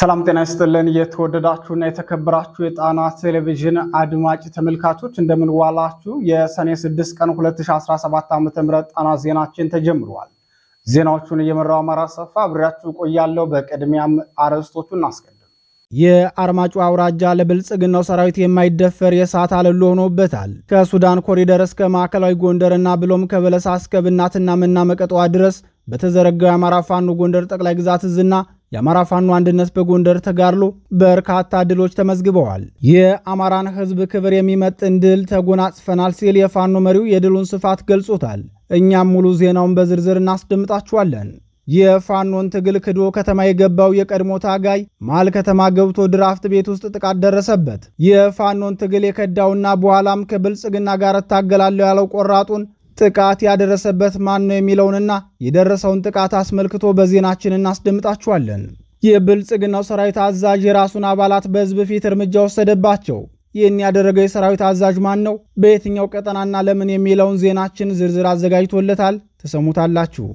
ሰላም ጤና ይስጥልን። የተወደዳችሁና የተከበራችሁ የጣና ቴሌቪዥን አድማጭ ተመልካቾች እንደምንዋላችሁ። የሰኔ 6 ቀን 2017 ዓ ም ጣና ዜናችን ተጀምሯል። ዜናዎቹን እየመራው አማራ ሰፋ አብሬያችሁ ቆያለሁ። በቅድሚያም አርዕስቶቹ እናስቀድም። የአርማጩ አውራጃ ለብልጽግናው ሰራዊት የማይደፈር የእሳት አለሎ ሆኖበታል። ከሱዳን ኮሪደር እስከ ማዕከላዊ ጎንደርና ብሎም ከበለሳ እስከ ብናትና መናመቀጠዋ ድረስ በተዘረጋው የአማራ ፋኖ ጎንደር ጠቅላይ ግዛት እዝና የአማራ ፋኖ አንድነት በጎንደር ተጋድሎ በርካታ ድሎች ተመዝግበዋል። የአማራን ሕዝብ ክብር የሚመጥን ድል ተጎናጽፈናል ሲል የፋኖ መሪው የድሉን ስፋት ገልጾታል። እኛም ሙሉ ዜናውን በዝርዝር እናስደምጣችኋለን። የፋኖን ትግል ክዶ ከተማ የገባው የቀድሞ ታጋይ መሃል ከተማ ገብቶ ድራፍት ቤት ውስጥ ጥቃት ደረሰበት። የፋኖን ትግል የከዳውና በኋላም ከብልጽግና ጋር እታገላለሁ ያለው ቆራጡን ጥቃት ያደረሰበት ማን ነው የሚለውንና የደረሰውን ጥቃት አስመልክቶ በዜናችን እናስደምጣችኋለን። የብልጽግናው ሰራዊት አዛዥ የራሱን አባላት በህዝብ ፊት እርምጃ ወሰደባቸው። ይህን ያደረገው የሰራዊት አዛዥ ማን ነው፣ በየትኛው ቀጠናና ለምን የሚለውን ዜናችን ዝርዝር አዘጋጅቶለታል። ተሰሙታላችሁ።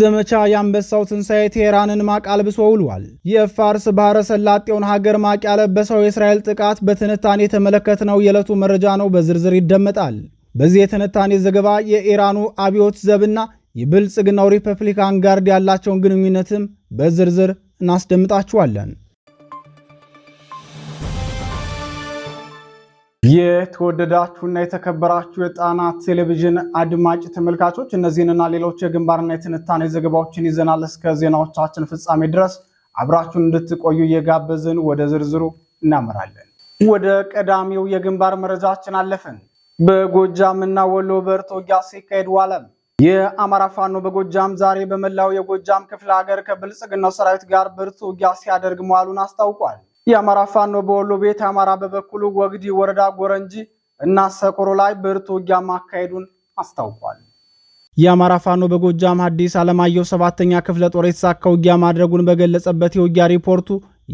ዘመቻ የአንበሳው ትንሣኤ ቴህራንን ማቅ አልብሶ ውሏል። የፋርስ ባህረ ሰላጤውን ሀገር ማቅ ያለበሰው የእስራኤል ጥቃት በትንታኔ የተመለከትነው የዕለቱ መረጃ ነው። በዝርዝር ይደመጣል። በዚህ የትንታኔ ዘገባ የኢራኑ አብዮት ዘብና የብልጽግናው ሪፐብሊካን ጋርድ ያላቸውን ግንኙነትም በዝርዝር እናስደምጣችኋለን። የተወደዳችሁና የተከበራችሁ የጣና ቴሌቪዥን አድማጭ ተመልካቾች እነዚህንና ሌሎች የግንባርና የትንታኔ ዘገባዎችን ይዘናል። እስከ ዜናዎቻችን ፍጻሜ ድረስ አብራችሁን እንድትቆዩ እየጋበዝን ወደ ዝርዝሩ እናመራለን። ወደ ቀዳሚው የግንባር መረጃችን አለፍን። በጎጃም እና ወሎ በርቶ ውጊያ ሲካሄድ ዋለ። የአማራ ፋኖ በጎጃም ዛሬ በመላው የጎጃም ክፍለ ሀገር ከብልጽግናው ሰራዊት ጋር ብርቱ ውጊያ ሲያደርግ መዋሉን አስታውቋል። የአማራ ፋኖ በወሎ ቤት አማራ በበኩሉ ወግዲ ወረዳ ጎረንጂ እና ሰቆሮ ላይ ብርቱ ውጊያ ማካሄዱን አስታውቋል። የአማራ ፋኖ በጎጃም ሐዲስ ዓለማየሁ ሰባተኛ ክፍለ ጦር የተሳካ ውጊያ ማድረጉን በገለጸበት የውጊያ ሪፖርቱ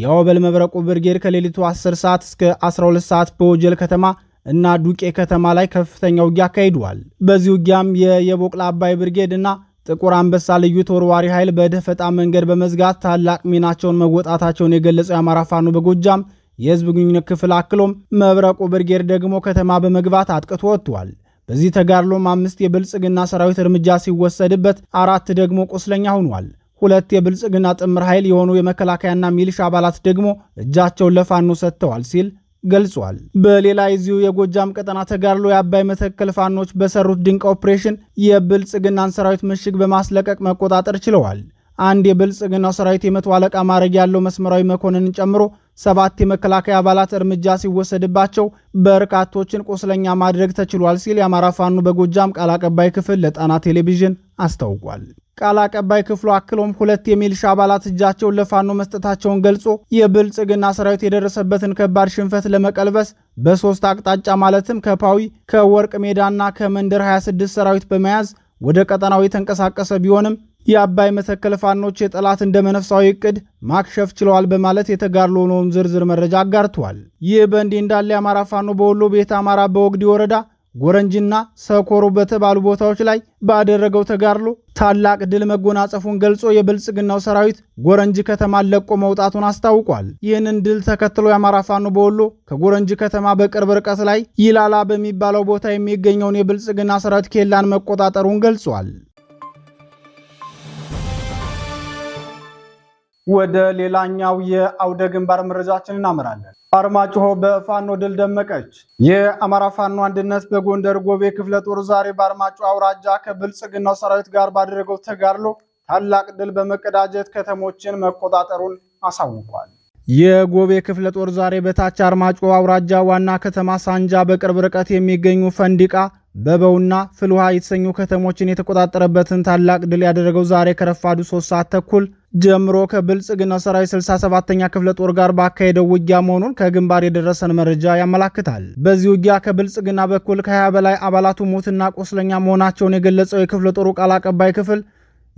የወበል መብረቁ ብርጌድ ከሌሊቱ 10 ሰዓት እስከ 12 ሰዓት በወጀል ከተማ እና ዱቄ ከተማ ላይ ከፍተኛ ውጊያ አካሂደዋል። በዚህ ውጊያም የየቦቅላ አባይ ብርጌድ እና ጥቁር አንበሳ ልዩ ተወርዋሪ ኃይል በደፈጣ መንገድ በመዝጋት ታላቅ ሚናቸውን መወጣታቸውን የገለጸው የአማራ ፋኖ በጎጃም የህዝብ ግንኙነት ክፍል አክሎም መብረቁ ብርጌድ ደግሞ ከተማ በመግባት አጥቅቶ ወጥቷል። በዚህ ተጋድሎም አምስት የብልጽግና ሰራዊት እርምጃ ሲወሰድበት፣ አራት ደግሞ ቁስለኛ ሆኗል። ሁለት የብልጽግና ጥምር ኃይል የሆኑ የመከላከያና ሚሊሻ አባላት ደግሞ እጃቸውን ለፋኖ ሰጥተዋል ሲል ገልጿል። በሌላ የዚሁ የጎጃም ቀጠና ተጋድሎ የአባይ መተከል ፋኖች በሰሩት ድንቅ ኦፕሬሽን የብልጽግናን ሰራዊት ምሽግ በማስለቀቅ መቆጣጠር ችለዋል። አንድ የብልጽግናው ሰራዊት የመቶ አለቃ ማዕረግ ያለው መስመራዊ መኮንንን ጨምሮ ሰባት የመከላከያ አባላት እርምጃ ሲወሰድባቸው በርካቶችን ቁስለኛ ማድረግ ተችሏል ሲል የአማራ ፋኖ በጎጃም ቃል አቀባይ ክፍል ለጣና ቴሌቪዥን አስታውቋል። ቃል አቀባይ ክፍሉ አክሎም ሁለት የሚሊሻ አባላት እጃቸውን ለፋኖ መስጠታቸውን ገልጾ የብልጽግና ሰራዊት የደረሰበትን ከባድ ሽንፈት ለመቀልበስ በሶስት አቅጣጫ ማለትም ከፓዊ ከወርቅ ሜዳና ከመንደር 26 ሰራዊት በመያዝ ወደ ቀጠናው የተንቀሳቀሰ ቢሆንም የአባይ መተከል ፋኖች የጠላት እንደ መነፍሳዊ እቅድ ማክሸፍ ችለዋል በማለት የተጋድሎውን ዝርዝር መረጃ አጋርተዋል። ይህ በእንዲህ እንዳለ የአማራ ፋኖ በወሎ ቤት አማራ በወግዲ ወረዳ ጎረንጅና ሰኮሮ በተባሉ ቦታዎች ላይ ባደረገው ተጋድሎ ታላቅ ድል መጎናጸፉን ገልጾ የብልጽግናው ሰራዊት ጎረንጅ ከተማን ለቆ መውጣቱን አስታውቋል። ይህንን ድል ተከትሎ የአማራ ፋኖ በወሎ ከጎረንጅ ከተማ በቅርብ ርቀት ላይ ይላላ በሚባለው ቦታ የሚገኘውን የብልጽግና ሰራዊት ኬላን መቆጣጠሩን ገልጿል። ወደ ሌላኛው የአውደ ግንባር መረጃችን እናመራለን። አርማጭሆ በፋኖ ድል ደመቀች። የአማራ ፋኖ አንድነት በጎንደር ጎቤ ክፍለ ጦር ዛሬ በአርማጭሆ አውራጃ ከብልጽግናው ሰራዊት ጋር ባደረገው ተጋድሎ ታላቅ ድል በመቀዳጀት ከተሞችን መቆጣጠሩን አሳውቋል። የጎቤ ክፍለ ጦር ዛሬ በታች አርማጭሆ አውራጃ ዋና ከተማ ሳንጃ በቅርብ ርቀት የሚገኙ ፈንዲቃ በበውና ፍልውሃ የተሰኙ ከተሞችን የተቆጣጠረበትን ታላቅ ድል ያደረገው ዛሬ ከረፋዱ ሶስት ሰዓት ተኩል ጀምሮ ከብልጽግና ሰራዊት 67ኛ ክፍለ ጦር ጋር ባካሄደው ውጊያ መሆኑን ከግንባር የደረሰን መረጃ ያመላክታል። በዚህ ውጊያ ከብልጽግና በኩል ከ20 በላይ አባላቱ ሞትና ቁስለኛ መሆናቸውን የገለጸው የክፍለ ጦሩ ቃል አቀባይ ክፍል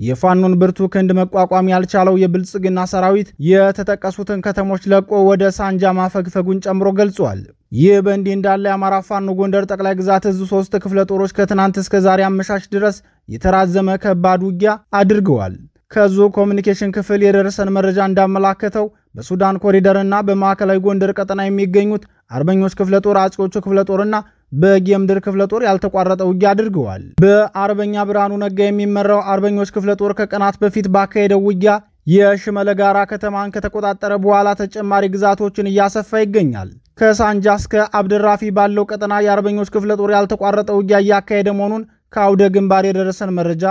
የፋኖን ብርቱ ክንድ መቋቋም ያልቻለው የብልጽግና ሰራዊት የተጠቀሱትን ከተሞች ለቆ ወደ ሳንጃ ማፈግፈጉን ጨምሮ ገልጿል። ይህ በእንዲህ እንዳለ የአማራ ፋኖ ጎንደር ጠቅላይ ግዛት እዙ ሶስት ክፍለ ጦሮች ከትናንት እስከ ዛሬ አመሻሽ ድረስ የተራዘመ ከባድ ውጊያ አድርገዋል። ከዙ ኮሚኒኬሽን ክፍል የደረሰን መረጃ እንዳመላከተው በሱዳን ኮሪደርና በማዕከላዊ ጎንደር ቀጠና የሚገኙት አርበኞች ክፍለ ጦር፣ አጼዎቹ ክፍለ ጦርና በጌምድር ክፍለ ጦር ያልተቋረጠ ውጊያ አድርገዋል። በአርበኛ ብርሃኑ ነጋ የሚመራው አርበኞች ክፍለ ጦር ከቀናት በፊት ባካሄደው ውጊያ የሽመለ ጋራ ከተማን ከተቆጣጠረ በኋላ ተጨማሪ ግዛቶችን እያሰፋ ይገኛል። ከሳንጃ እስከ አብደራፊ ባለው ቀጠና የአርበኞች ክፍለ ጦር ያልተቋረጠ ውጊያ እያካሄደ መሆኑን ከአውደ ግንባር የደረሰን መረጃ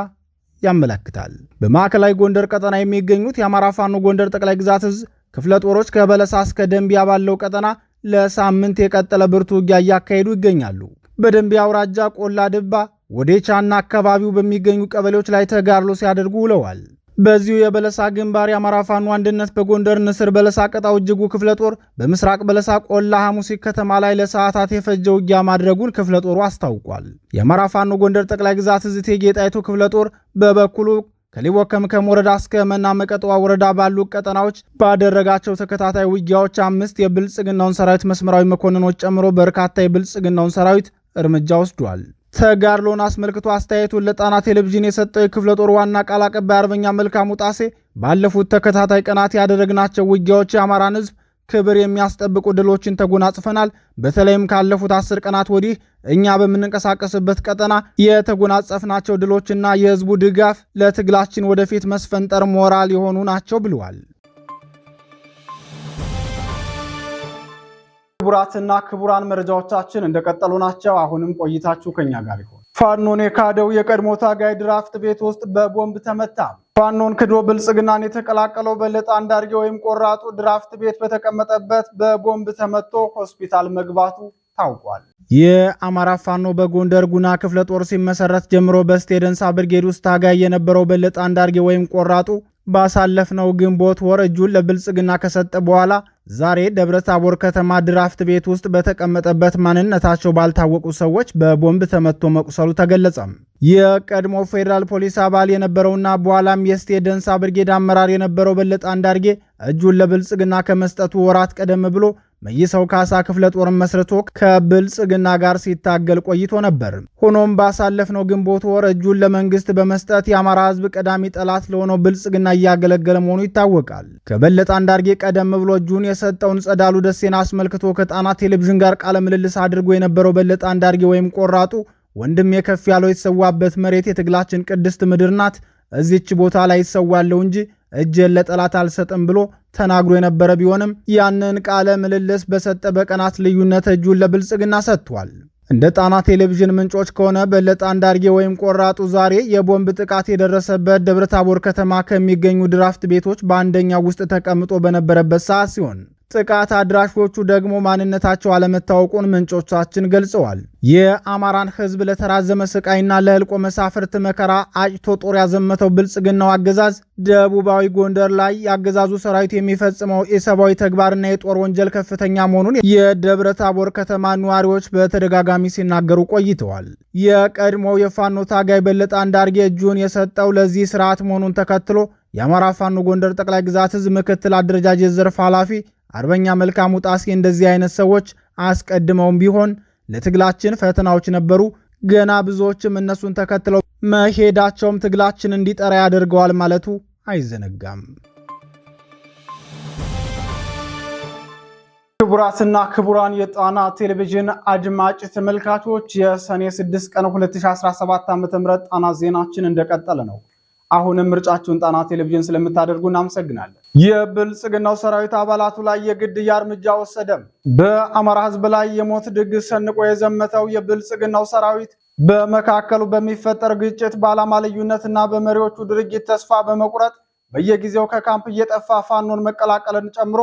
ያመለክታል። በማዕከላዊ ጎንደር ቀጠና የሚገኙት የአማራ ፋኖ ጎንደር ጠቅላይ ግዛት እዝ ክፍለ ጦሮች ከበለሳ እስከ ደንቢያ ባለው ቀጠና ለሳምንት የቀጠለ ብርቱ ውጊያ እያካሄዱ ይገኛሉ። በደንቢ አውራጃ ቆላ ድባ፣ ወዴቻና አካባቢው በሚገኙ ቀበሌዎች ላይ ተጋድሎ ሲያደርጉ ውለዋል። በዚሁ የበለሳ ግንባር የአማራ ፋኖ አንድነት በጎንደር ንስር በለሳ ቀጣው እጅጉ ክፍለ ጦር በምስራቅ በለሳ ቆላ ሐሙሲት ከተማ ላይ ለሰዓታት የፈጀ ውጊያ ማድረጉን ክፍለ ጦሩ አስታውቋል። የአማራ ፋኖ ጎንደር ጠቅላይ ግዛት እዝ እቴጌ ጣይቱ ክፍለ ጦር በበኩሉ ከሊቦ ከምከም ወረዳ እስከ መና መቀጠዋ ወረዳ ባሉ ቀጠናዎች ባደረጋቸው ተከታታይ ውጊያዎች አምስት የብልጽግናውን ሰራዊት መስመራዊ መኮንኖች ጨምሮ በርካታ የብልጽግናውን ሰራዊት እርምጃ ወስዷል። ተጋድሎን አስመልክቶ አስተያየቱን ለጣና ቴሌቪዥን የሰጠው የክፍለ ጦር ዋና ቃል አቀባይ አርበኛ መልካሙ ጣሴ ባለፉት ተከታታይ ቀናት ያደረግናቸው ውጊያዎች የአማራን ህዝብ ክብር የሚያስጠብቁ ድሎችን ተጎናጽፈናል። በተለይም ካለፉት አስር ቀናት ወዲህ እኛ በምንንቀሳቀስበት ቀጠና የተጎናጸፍናቸው ድሎችና የህዝቡ ድጋፍ ለትግላችን ወደፊት መስፈንጠር ሞራል የሆኑ ናቸው ብለዋል። ክቡራትና ክቡራን መረጃዎቻችን እንደቀጠሉ ናቸው። አሁንም ቆይታችሁ ከኛ ጋር ይሁን። ፋኖን የካደው የቀድሞ ታጋይ ድራፍት ቤት ውስጥ በቦምብ ተመታ። ፋኖን ክዶ ብልጽግናን የተቀላቀለው በለጠ አንዳርጌ ወይም ቆራጡ ድራፍት ቤት በተቀመጠበት በቦምብ ተመቶ ሆስፒታል መግባቱ ታውቋል። የአማራ ፋኖ በጎንደር ጉና ክፍለ ጦር ሲመሰረት ጀምሮ በስቴደንሳ ብርጌድ ውስጥ ታጋይ የነበረው በለጠ አንዳርጌ ወይም ቆራጡ ባሳለፍነው ግንቦት ወር እጁን ለብልጽግና ከሰጠ በኋላ ዛሬ ደብረ ታቦር ከተማ ድራፍት ቤት ውስጥ በተቀመጠበት ማንነታቸው ባልታወቁ ሰዎች በቦምብ ተመቶ መቁሰሉ ተገለጸም። የቀድሞ ፌዴራል ፖሊስ አባል የነበረውና በኋላም የስቴ ደንሳ ብርጌድ አመራር የነበረው በለጠ አንዳርጌ እጁን ለብልጽግና ከመስጠቱ ወራት ቀደም ብሎ መይሰው ካሳ ክፍለ ጦርን መስርቶ ከብልጽግና ጋር ሲታገል ቆይቶ ነበር። ሆኖም ባሳለፍነው ግንቦት ወር እጁን ለመንግስት በመስጠት የአማራ ሕዝብ ቀዳሚ ጠላት ለሆነው ብልጽግና እያገለገለ መሆኑ ይታወቃል። ከበለጠ አንዳርጌ ቀደም ብሎ እጁን የሰጠውን ጸዳሉ ደሴን አስመልክቶ ከጣና ቴሌቪዥን ጋር ቃለ ምልልስ አድርጎ የነበረው በለጠ አንዳርጌ ወይም ቆራጡ ወንድም የከፍ ያለው የተሰዋበት መሬት የትግላችን ቅድስት ምድር ናት። እዚች ቦታ ላይ ይሰዋለሁ እንጂ እጄን ለጠላት አልሰጥም ብሎ ተናግሮ የነበረ ቢሆንም ያንን ቃለ ምልልስ በሰጠ በቀናት ልዩነት እጁን ለብልጽግና ሰጥቷል። እንደ ጣና ቴሌቪዥን ምንጮች ከሆነ በለጠ አንዳርጌ ወይም ቆራጡ ዛሬ የቦምብ ጥቃት የደረሰበት ደብረታቦር ከተማ ከሚገኙ ድራፍት ቤቶች በአንደኛው ውስጥ ተቀምጦ በነበረበት ሰዓት ሲሆን ጥቃት አድራሾቹ ደግሞ ማንነታቸው አለመታወቁን ምንጮቻችን ገልጸዋል። የአማራን ሕዝብ ለተራዘመ ስቃይና ለእልቆ መሳፍርት መከራ አጭቶ ጦር ያዘመተው ብልጽግናው አገዛዝ ደቡባዊ ጎንደር ላይ የአገዛዙ ሰራዊት የሚፈጽመው የሰብአዊ ተግባርና የጦር ወንጀል ከፍተኛ መሆኑን የደብረ ታቦር ከተማ ነዋሪዎች በተደጋጋሚ ሲናገሩ ቆይተዋል። የቀድሞው የፋኖ ታጋይ በለጠ አንዳርጌ እጁን የሰጠው ለዚህ ስርዓት መሆኑን ተከትሎ የአማራ ፋኖ ጎንደር ጠቅላይ ግዛት ህዝብ ምክትል አደረጃጀት ዘርፍ ኃላፊ አርበኛ መልካሙ ጣሴ እንደዚህ አይነት ሰዎች አስቀድመውም ቢሆን ለትግላችን ፈተናዎች ነበሩ። ገና ብዙዎችም እነሱን ተከትለው መሄዳቸውም ትግላችን እንዲጠራ ያደርገዋል ማለቱ አይዘነጋም። ክቡራትና ክቡራን የጣና ቴሌቪዥን አድማጭ ተመልካቾች የሰኔ 6 ቀን 2017 ም ጣና ዜናችን እንደቀጠለ ነው። አሁንም ምርጫችሁን ጣና ቴሌቪዥን ስለምታደርጉ እናመሰግናለን። የብልጽግናው ሰራዊት አባላቱ ላይ የግድያ እርምጃ ወሰደም። በአማራ ህዝብ ላይ የሞት ድግስ ሰንቆ የዘመተው የብልጽግናው ሰራዊት በመካከሉ በሚፈጠር ግጭት በዓላማ እና በመሪዎቹ ድርጊት ተስፋ በመቁረጥ በየጊዜው ከካምፕ እየጠፋ ፋኖን መቀላቀልን ጨምሮ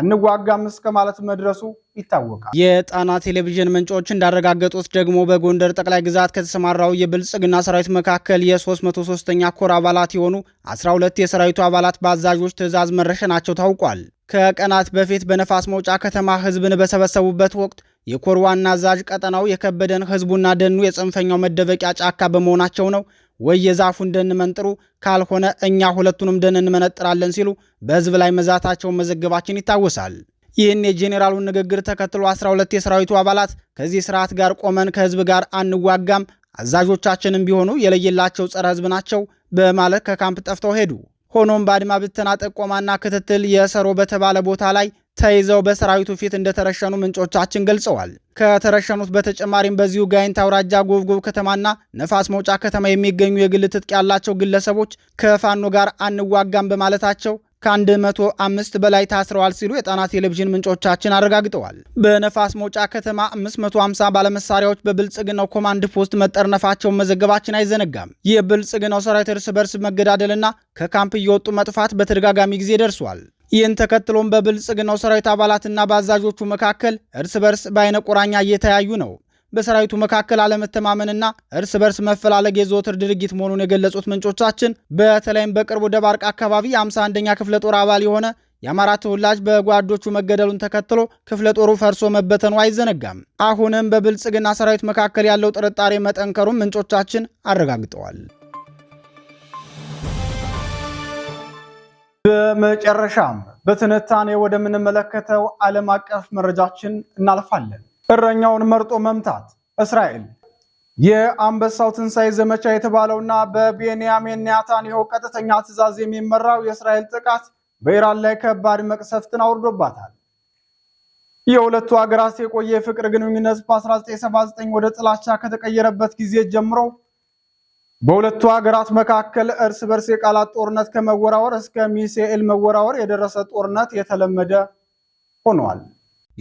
አንዋጋም እስከ ማለት መድረሱ ይታወቃል። የጣና ቴሌቪዥን ምንጮች እንዳረጋገጡት ደግሞ በጎንደር ጠቅላይ ግዛት ከተሰማራው የብልጽግና ሰራዊት መካከል የ303ኛ ኮር አባላት የሆኑ 12 የሰራዊቱ አባላት በአዛዦች ትዕዛዝ መረሸናቸው ታውቋል። ከቀናት በፊት በነፋስ መውጫ ከተማ ህዝብን በሰበሰቡበት ወቅት የኮር ዋና አዛዥ ቀጠናው የከበደን ህዝቡና ደኑ የጽንፈኛው መደበቂያ ጫካ በመሆናቸው ነው ወይ የዛፉን ደን መንጥሩ፣ ካልሆነ እኛ ሁለቱንም ደን እንመነጥራለን ሲሉ በህዝብ ላይ መዛታቸውን መዘገባችን ይታወሳል። ይህን የጄኔራሉን ንግግር ተከትሎ 12 የሰራዊቱ አባላት ከዚህ ስርዓት ጋር ቆመን ከህዝብ ጋር አንዋጋም፣ አዛዦቻችንም ቢሆኑ የለየላቸው ጸረ ህዝብ ናቸው በማለት ከካምፕ ጠፍተው ሄዱ። ሆኖም በአድማ ብተና ጥቆማና ክትትል የሰሮ በተባለ ቦታ ላይ ተይዘው በሰራዊቱ ፊት እንደተረሸኑ ምንጮቻችን ገልጸዋል። ከተረሸኑት በተጨማሪም በዚሁ ጋይንት አውራጃ ጎብጎብ ከተማና ነፋስ መውጫ ከተማ የሚገኙ የግል ትጥቅ ያላቸው ግለሰቦች ከፋኖ ጋር አንዋጋም በማለታቸው ከ አምስት በላይ ታስረዋል ሲሉ የጣና ቴሌቪዥን ምንጮቻችን አረጋግጠዋል። በነፋስ መውጫ ከተማ 550 ባለመሳሪያዎች በብልጽግናው ኮማንድ ፖስት መጠርነፋቸውን መዘገባችን አይዘነጋም። የብልጽግናው ሰራዊት እርስ በርስ መገዳደልና ከካምፕ እየወጡ መጥፋት በተደጋጋሚ ጊዜ ደርሷል። ይህን ተከትሎም በብልጽግናው ሰራዊት አባላትና በአዛዦቹ መካከል እርስ በርስ በአይነ ቁራኛ እየተያዩ ነው። በሰራዊቱ መካከል አለመተማመንና እርስ በርስ መፈላለግ የዘወትር ድርጊት መሆኑን የገለጹት ምንጮቻችን በተለይም በቅርቡ ደባርቅ አካባቢ የ51ኛ ክፍለ ጦር አባል የሆነ የአማራ ተወላጅ በጓዶቹ መገደሉን ተከትሎ ክፍለ ጦሩ ፈርሶ መበተኑ አይዘነጋም። አሁንም በብልጽግና ሰራዊት መካከል ያለው ጥርጣሬ መጠንከሩን ምንጮቻችን አረጋግጠዋል። በመጨረሻም በትንታኔ ወደምንመለከተው ዓለም አቀፍ መረጃችን እናልፋለን። እረኛውን መርጦ መምታት እስራኤል የአንበሳው ትንሣኤ ዘመቻ የተባለውና በቤንያሚን ኔታንያሁ ቀጥተኛ ትዕዛዝ የሚመራው የእስራኤል ጥቃት በኢራን ላይ ከባድ መቅሰፍትን አውርዶባታል። የሁለቱ ሀገራት የቆየ የፍቅር ግንኙነት በ1979 ወደ ጥላቻ ከተቀየረበት ጊዜ ጀምሮ በሁለቱ ሀገራት መካከል እርስ በርስ የቃላት ጦርነት ከመወራወር እስከ ሚሳኤል መወራወር የደረሰ ጦርነት የተለመደ ሆኗል።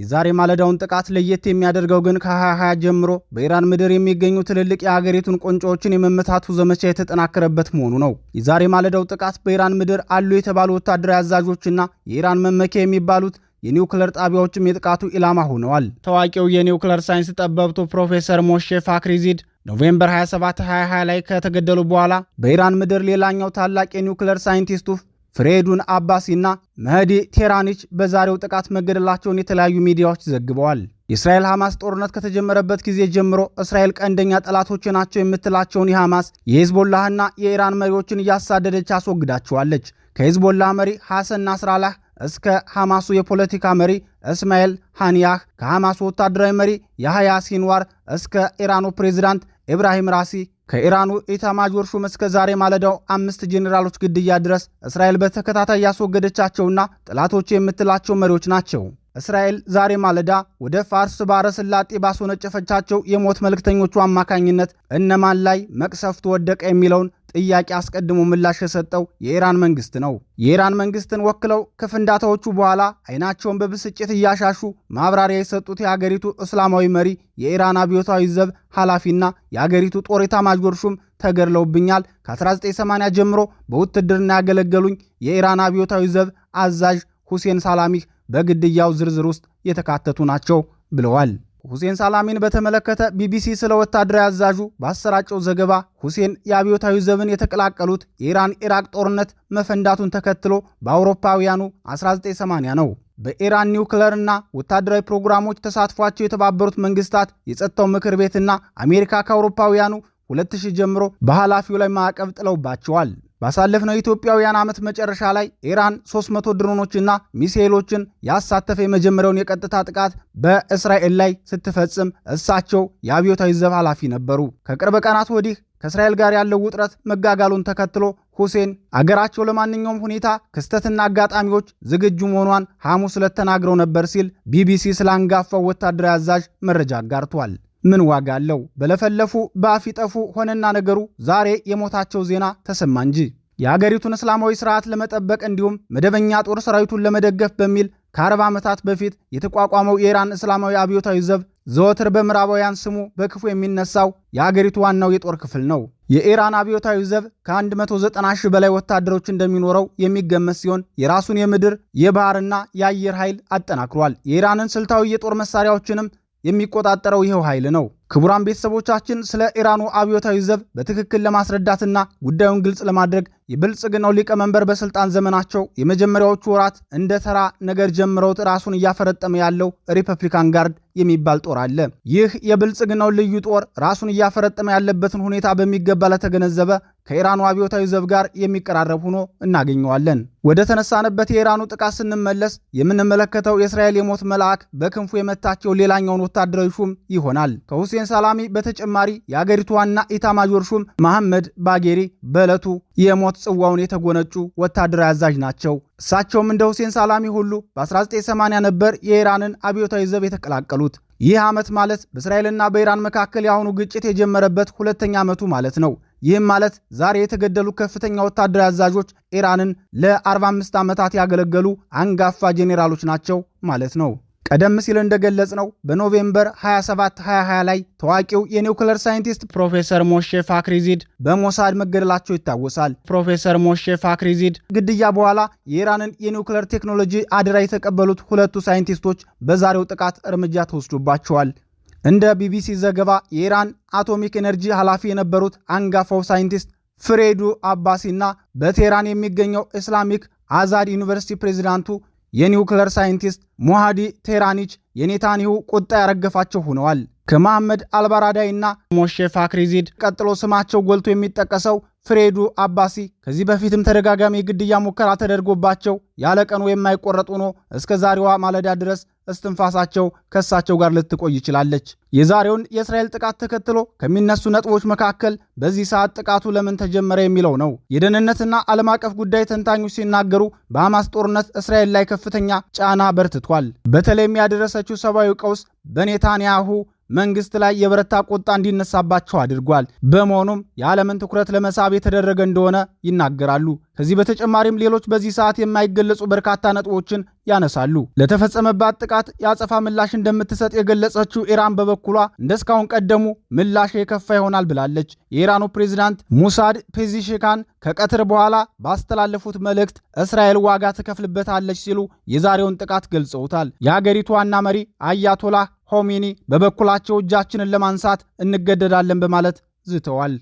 የዛሬ ማለዳውን ጥቃት ለየት የሚያደርገው ግን ከ2020 ጀምሮ በኢራን ምድር የሚገኙ ትልልቅ የአገሪቱን ቆንጮዎችን የመመታቱ ዘመቻ የተጠናከረበት መሆኑ ነው። የዛሬ ማለዳው ጥቃት በኢራን ምድር አሉ የተባሉ ወታደራዊ አዛዦችና የኢራን መመኪያ የሚባሉት የኒውክለር ጣቢያዎችም የጥቃቱ ኢላማ ሆነዋል። ታዋቂው የኒውክለር ሳይንስ ጠበብቱ ፕሮፌሰር ሞሼ ፋክሪዚድ ኖቬምበር 27 2020 ላይ ከተገደሉ በኋላ በኢራን ምድር ሌላኛው ታላቅ የኒውክለር ሳይንቲስቱ ፍሬዱን አባሲና መህዲ ቴራኒች በዛሬው ጥቃት መገደላቸውን የተለያዩ ሚዲያዎች ዘግበዋል። የእስራኤል ሐማስ ጦርነት ከተጀመረበት ጊዜ ጀምሮ እስራኤል ቀንደኛ ጠላቶች ናቸው የምትላቸውን የሐማስ የሄዝቦላህና የኢራን መሪዎችን እያሳደደች አስወግዳቸዋለች። ከሄዝቦላህ መሪ ሐሰን ናስራላህ እስከ ሐማሱ የፖለቲካ መሪ እስማኤል ሃንያህ፣ ከሐማሱ ወታደራዊ መሪ የሐያ ሲንዋር እስከ ኢራኑ ፕሬዚዳንት ኢብራሂም ራሲ ከኢራኑ ኢታማጆር ሹም እስከ ዛሬ ማለዳው አምስት ጄኔራሎች ግድያ ድረስ እስራኤል በተከታታይ ያስወገደቻቸውና ጠላቶቹ የምትላቸው መሪዎች ናቸው። እስራኤል ዛሬ ማለዳ ወደ ፋርስ ባሕረ ሰላጤ ባስወነጨፈቻቸው የሞት መልእክተኞቹ አማካኝነት እነማን ላይ መቅሰፍት ወደቀ የሚለውን ጥያቄ አስቀድሞ ምላሽ የሰጠው የኢራን መንግስት ነው። የኢራን መንግስትን ወክለው ከፍንዳታዎቹ በኋላ አይናቸውን በብስጭት እያሻሹ ማብራሪያ የሰጡት የአገሪቱ እስላማዊ መሪ የኢራን አብዮታዊ ዘብ ኃላፊና የአገሪቱ ጦር ኤታማዦር ሹም ተገድለውብኛል፣ ከ1980 ጀምሮ በውትድርና ያገለገሉኝ የኢራን አብዮታዊ ዘብ አዛዥ ሁሴን ሳላሚህ በግድያው ዝርዝር ውስጥ የተካተቱ ናቸው ብለዋል። ሁሴን ሳላሚን በተመለከተ ቢቢሲ ስለ ወታደራዊ አዛዡ ባሰራጨው ዘገባ ሁሴን የአብዮታዊ ዘብን የተቀላቀሉት የኢራን ኢራቅ ጦርነት መፈንዳቱን ተከትሎ በአውሮፓውያኑ 1980 ነው። በኢራን እና ወታደራዊ ፕሮግራሞች ተሳትፏቸው የተባበሩት መንግስታት የጸጥታው ምክር ቤትና አሜሪካ ከአውሮፓውያኑ 2000 ጀምሮ በኃላፊው ላይ ማዕቀብ ጥለውባቸዋል። ባሳለፍነው የኢትዮጵያውያን ዓመት መጨረሻ ላይ ኢራን 300 ድሮኖችና ሚሳኤሎችን ያሳተፈ የመጀመሪያውን የቀጥታ ጥቃት በእስራኤል ላይ ስትፈጽም እሳቸው የአብዮታዊ ዘብ ኃላፊ ነበሩ። ከቅርብ ቀናት ወዲህ ከእስራኤል ጋር ያለው ውጥረት መጋጋሉን ተከትሎ ሁሴን አገራቸው ለማንኛውም ሁኔታ ክስተትና አጋጣሚዎች ዝግጁ መሆኗን ሐሙስ ዕለት ተናግረው ነበር ሲል ቢቢሲ ስለ አንጋፋው ወታደራዊ አዛዥ መረጃ አጋርቷል። ምን ዋጋ አለው? በለፈለፉ በአፊጠፉ ሆነና ነገሩ ዛሬ የሞታቸው ዜና ተሰማ እንጂ የአገሪቱን እስላማዊ ስርዓት ለመጠበቅ እንዲሁም መደበኛ ጦር ሰራዊቱን ለመደገፍ በሚል ከአርባ ዓመታት በፊት የተቋቋመው የኢራን እስላማዊ አብዮታዊ ዘብ ዘወትር በምዕራባውያን ስሙ በክፉ የሚነሳው የአገሪቱ ዋናው የጦር ክፍል ነው። የኢራን አብዮታዊ ዘብ ከ190 ሺህ በላይ ወታደሮች እንደሚኖረው የሚገመት ሲሆን የራሱን የምድር የባህርና የአየር ኃይል አጠናክሯል። የኢራንን ስልታዊ የጦር መሳሪያዎችንም የሚቆጣጠረው ይኸው ኃይል ነው። ክቡራን ቤተሰቦቻችን ስለ ኢራኑ አብዮታዊ ዘብ በትክክል ለማስረዳትና ጉዳዩን ግልጽ ለማድረግ የብልጽግናው ሊቀመንበር በስልጣን ዘመናቸው የመጀመሪያዎቹ ወራት እንደ ተራ ነገር ጀምረውት ራሱን እያፈረጠመ ያለው ሪፐብሊካን ጋርድ የሚባል ጦር አለ። ይህ የብልጽግናው ልዩ ጦር ራሱን እያፈረጠመ ያለበትን ሁኔታ በሚገባ ለተገነዘበ ከኢራኑ አብዮታዊ ዘብ ጋር የሚቀራረብ ሆኖ እናገኘዋለን። ወደ ተነሳንበት የኢራኑ ጥቃት ስንመለስ የምንመለከተው የእስራኤል የሞት መልአክ በክንፉ የመታቸው ሌላኛውን ወታደራዊ ሹም ይሆናል። ከሁሴን ሰላሚ በተጨማሪ የአገሪቱ ዋና ኢታማዦር ሹም መሐመድ ባጌሪ በዕለቱ የሞት ጽዋውን የተጎነጩ ወታደራዊ አዛዥ ናቸው። እሳቸውም እንደ ሁሴን ሰላሚ ሁሉ በ1980 ነበር የኢራንን አብዮታዊ ዘብ የተቀላቀሉት። ይህ ዓመት ማለት በእስራኤልና በኢራን መካከል የአሁኑ ግጭት የጀመረበት ሁለተኛ ዓመቱ ማለት ነው። ይህም ማለት ዛሬ የተገደሉ ከፍተኛ ወታደራዊ አዛዦች ኢራንን ለ45 ዓመታት ያገለገሉ አንጋፋ ጄኔራሎች ናቸው ማለት ነው። ቀደም ሲል እንደገለጽ ነው በኖቬምበር 27 2020 ላይ ታዋቂው የኒውክለር ሳይንቲስት ፕሮፌሰር ሞሼ ፋክሪዚድ በሞሳድ መገደላቸው ይታወሳል። ፕሮፌሰር ሞሼ ፋክሪዚድ ግድያ በኋላ የኢራንን የኒውክለር ቴክኖሎጂ አደራ የተቀበሉት ሁለቱ ሳይንቲስቶች በዛሬው ጥቃት እርምጃ ተወስዶባቸዋል። እንደ ቢቢሲ ዘገባ የኢራን አቶሚክ ኤነርጂ ኃላፊ የነበሩት አንጋፋው ሳይንቲስት ፍሬዱ አባሲና በቴህራን የሚገኘው ኢስላሚክ አዛድ ዩኒቨርሲቲ ፕሬዚዳንቱ የኒውክለር ሳይንቲስት ሞሃዲ ቴራኒች የኔታንያሁ ቁጣ ያረገፋቸው ሆነዋል። ከመሐመድ አልባራዳይና ሞሼ ፋክሪዚድ ቀጥሎ ስማቸው ጎልቶ የሚጠቀሰው ፍሬዱ አባሲ ከዚህ በፊትም ተደጋጋሚ የግድያ ሙከራ ተደርጎባቸው ያለቀኑ የማይቆረጥ ሆኖ እስከ ዛሬዋ ማለዳ ድረስ እስትንፋሳቸው ከእሳቸው ጋር ልትቆይ ይችላለች። የዛሬውን የእስራኤል ጥቃት ተከትሎ ከሚነሱ ነጥቦች መካከል በዚህ ሰዓት ጥቃቱ ለምን ተጀመረ የሚለው ነው። የደህንነትና ዓለም አቀፍ ጉዳይ ተንታኞች ሲናገሩ በሐማስ ጦርነት እስራኤል ላይ ከፍተኛ ጫና በርትቷል። በተለይም ያደረሰችው ሰብአዊ ቀውስ በኔታንያሁ መንግስት ላይ የበረታ ቁጣ እንዲነሳባቸው አድርጓል። በመሆኑም የዓለምን ትኩረት ለመሳብ የተደረገ እንደሆነ ይናገራሉ። ከዚህ በተጨማሪም ሌሎች በዚህ ሰዓት የማይገለጹ በርካታ ነጥቦችን ያነሳሉ። ለተፈጸመባት ጥቃት የአጸፋ ምላሽ እንደምትሰጥ የገለጸችው ኢራን በበኩሏ እንደስካሁን ቀደሙ ምላሽ የከፋ ይሆናል ብላለች። የኢራኑ ፕሬዚዳንት ሙሳድ ፔዚሽካን ከቀትር በኋላ ባስተላለፉት መልእክት እስራኤል ዋጋ ትከፍልበታለች ሲሉ የዛሬውን ጥቃት ገልጸውታል። የአገሪቱ ዋና መሪ አያቶላህ ሆሜኒ በበኩላቸው እጃችንን ለማንሳት እንገደዳለን በማለት ዝተዋል።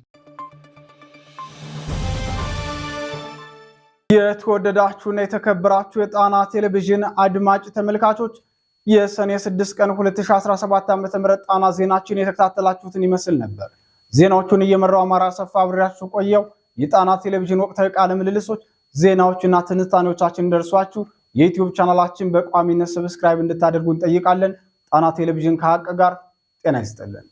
የተወደዳችሁና የተከበራችሁ የጣና ቴሌቪዥን አድማጭ ተመልካቾች የሰኔ 6 ቀን 2017 ዓ.ም ጣና ዜናችን የተከታተላችሁትን ይመስል ነበር። ዜናዎቹን እየመራው አማራ ሰፋ አብሬያችሁ ቆየው። የጣና ቴሌቪዥን ወቅታዊ ቃለ ምልልሶች፣ ዜናዎችና ትንታኔዎቻችን ደርሷችሁ የዩትዩብ ቻናላችን በቋሚነት ሰብስክራይብ እንድታደርጉ እንጠይቃለን። ጣና ቴሌቪዥን ከሀቅ ጋር ጤና ይስጥልን።